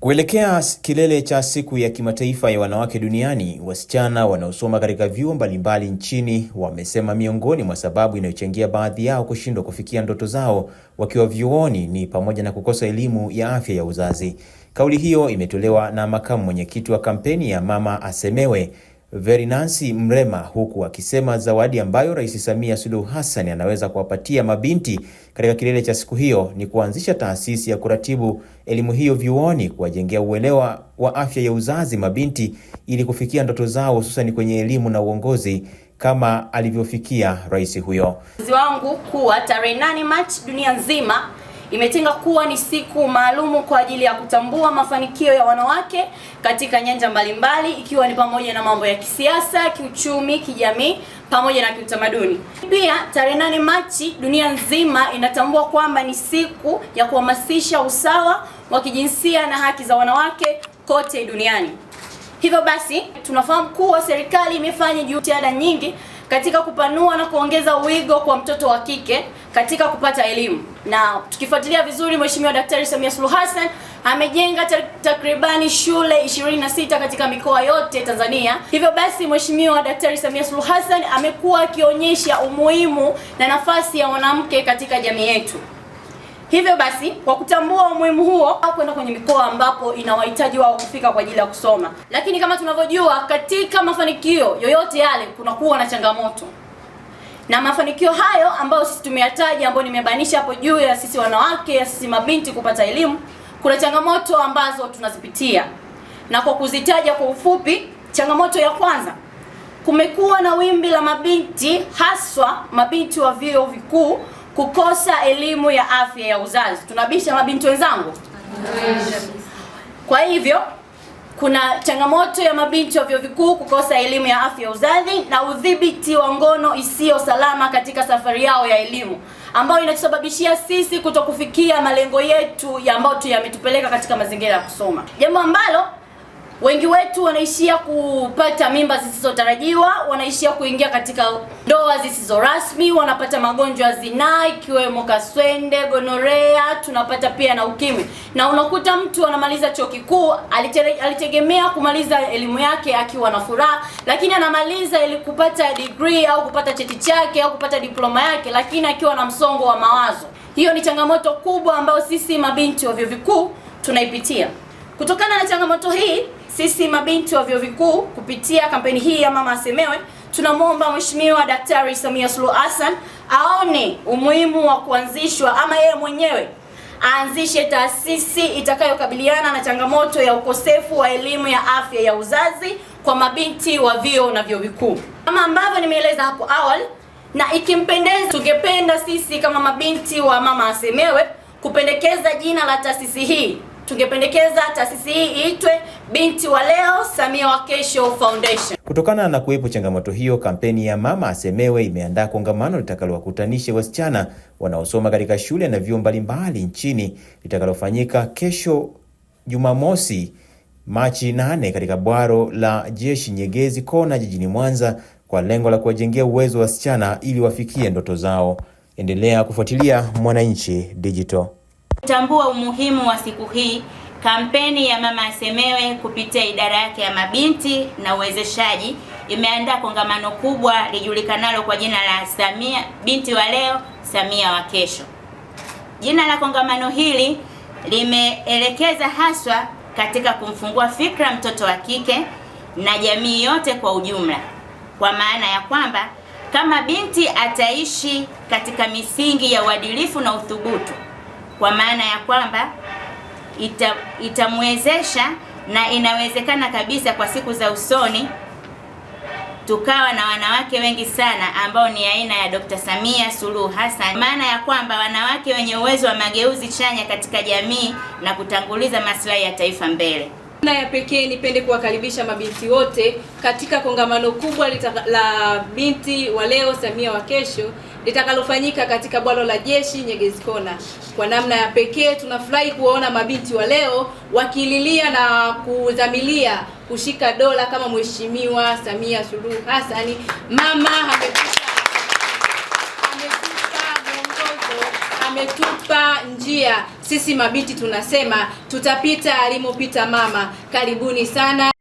Kuelekea kilele cha Siku ya Kimataifa ya Wanawake Duniani, wasichana wanaosoma katika vyuo mbalimbali nchini wamesema miongoni mwa sababu inayochangia baadhi yao kushindwa kufikia ndoto zao wakiwa vyuoni ni pamoja na kukosa elimu ya afya ya uzazi. Kauli hiyo imetolewa na makamu mwenyekiti wa kampeni ya Mama Asemewe Verinansi Mrema huku akisema zawadi ambayo Rais Samia Suluhu Hassan anaweza kuwapatia mabinti katika kilele cha siku hiyo ni kuanzisha taasisi ya kuratibu elimu hiyo vyuoni, kuwajengea uelewa wa afya ya uzazi mabinti ili kufikia ndoto zao, hususan kwenye elimu na uongozi kama alivyofikia rais huyo. Wangu kuwa tarehe 8 Machi dunia nzima imetenga kuwa ni siku maalumu kwa ajili ya kutambua mafanikio ya wanawake katika nyanja mbalimbali ikiwa ni pamoja na mambo ya kisiasa, kiuchumi, kijamii pamoja na kiutamaduni. Pia tarehe nane Machi dunia nzima inatambua kwamba ni siku ya kuhamasisha usawa wa kijinsia na haki za wanawake kote duniani. Hivyo basi tunafahamu kuwa serikali imefanya jitihada nyingi katika kupanua na kuongeza wigo kwa mtoto wa kike katika kupata elimu, na tukifuatilia vizuri, Mheshimiwa Daktari Samia Suluhu Hassan amejenga takribani shule 26 katika mikoa yote Tanzania. Hivyo basi, Mheshimiwa Daktari Samia Suluhu Hassan amekuwa akionyesha umuhimu na nafasi ya mwanamke katika jamii yetu. Hivyo basi kwa kutambua umuhimu huo au kwenda kwenye mikoa ambapo ina wahitaji wao kufika kwa ajili ya kusoma, lakini kama tunavyojua katika mafanikio yoyote yale kunakuwa na changamoto na mafanikio hayo ambayo sisi tumeyataja, ambayo nimebainisha hapo juu, ya sisi wanawake, ya sisi mabinti kupata elimu, kuna changamoto ambazo tunazipitia, na kwa kuzitaja kwa ufupi, changamoto ya kwanza, kumekuwa na wimbi la mabinti, haswa mabinti wa vyuo vikuu kukosa elimu ya afya ya uzazi. Tunabisha mabinti wenzangu? Kwa hivyo kuna changamoto ya mabinti wa vyuo vikuu kukosa elimu ya afya ya uzazi na udhibiti wa ngono isiyo salama katika safari yao ya elimu ambayo inatusababishia sisi kutokufikia malengo yetu ya ambayo yametupeleka katika mazingira ya kusoma, jambo ambalo Wengi wetu wanaishia kupata mimba zisizotarajiwa, wanaishia kuingia katika ndoa zisizo rasmi, wanapata magonjwa ya zinaa ikiwemo kaswende, gonorea, tunapata pia na ukimwi. Na unakuta mtu anamaliza chuo kikuu, alitegemea kumaliza elimu yake akiwa na furaha, lakini anamaliza ili kupata degree au kupata cheti chake au kupata diploma yake, lakini akiwa na msongo wa mawazo. Hiyo ni changamoto kubwa ambayo sisi mabinti wa vyuo vikuu tunaipitia. Kutokana na changamoto hii sisi mabinti wa vyuo vikuu kupitia kampeni hii ya mama asemewe, tunamwomba Mheshimiwa Daktari Samia Suluhu Hassan aone umuhimu wa kuanzishwa ama yeye mwenyewe aanzishe taasisi itakayokabiliana na changamoto ya ukosefu wa elimu ya afya ya uzazi kwa mabinti wa vyuo na vyuo vikuu kama ambavyo nimeeleza hapo awali, na ikimpendeza, tungependa sisi kama mabinti wa mama asemewe kupendekeza jina la taasisi hii tungependekeza taasisi hii iitwe Binti wa Leo, Samia wa Kesho Foundation. Kutokana na kuwepo changamoto hiyo, kampeni ya Mama Asemewe imeandaa kongamano litakalowakutanisha wasichana wanaosoma katika shule na vyuo mbalimbali nchini litakalofanyika kesho Jumamosi Machi 8 katika bwaro la Jeshi Nyegezi Kona jijini Mwanza kwa lengo la kuwajengea uwezo wa wasichana ili wafikie ndoto zao. Endelea kufuatilia Mwananchi Digital. Kutambua umuhimu wa siku hii, kampeni ya Mama Asemewe kupitia idara yake ya mabinti na uwezeshaji imeandaa kongamano kubwa lijulikanalo kwa jina la Samia binti wa leo, Samia wa kesho. Jina la kongamano hili limeelekeza haswa katika kumfungua fikra mtoto wa kike na jamii yote kwa ujumla, kwa maana ya kwamba kama binti ataishi katika misingi ya uadilifu na uthubutu kwa maana ya kwamba ita itamwezesha na inawezekana kabisa kwa siku za usoni tukawa na wanawake wengi sana ambao ni aina ya Dr. Samia Suluhu Hassan, maana ya kwamba wanawake wenye uwezo wa mageuzi chanya katika jamii na kutanguliza maslahi ya taifa mbele. Na ya pekee nipende kuwakaribisha mabinti wote katika kongamano kubwa la binti wa leo Samia wa kesho litakalofanyika katika bwalo la jeshi Nyegezi Kona. Kwa namna ya pekee tunafurahi kuwaona mabinti wa leo wakililia na kudhamilia kushika dola kama Mheshimiwa Samia Suluhu Hassan mama ametupa mwongozo, ametupa njia. Sisi mabinti tunasema tutapita alimopita mama. Karibuni sana.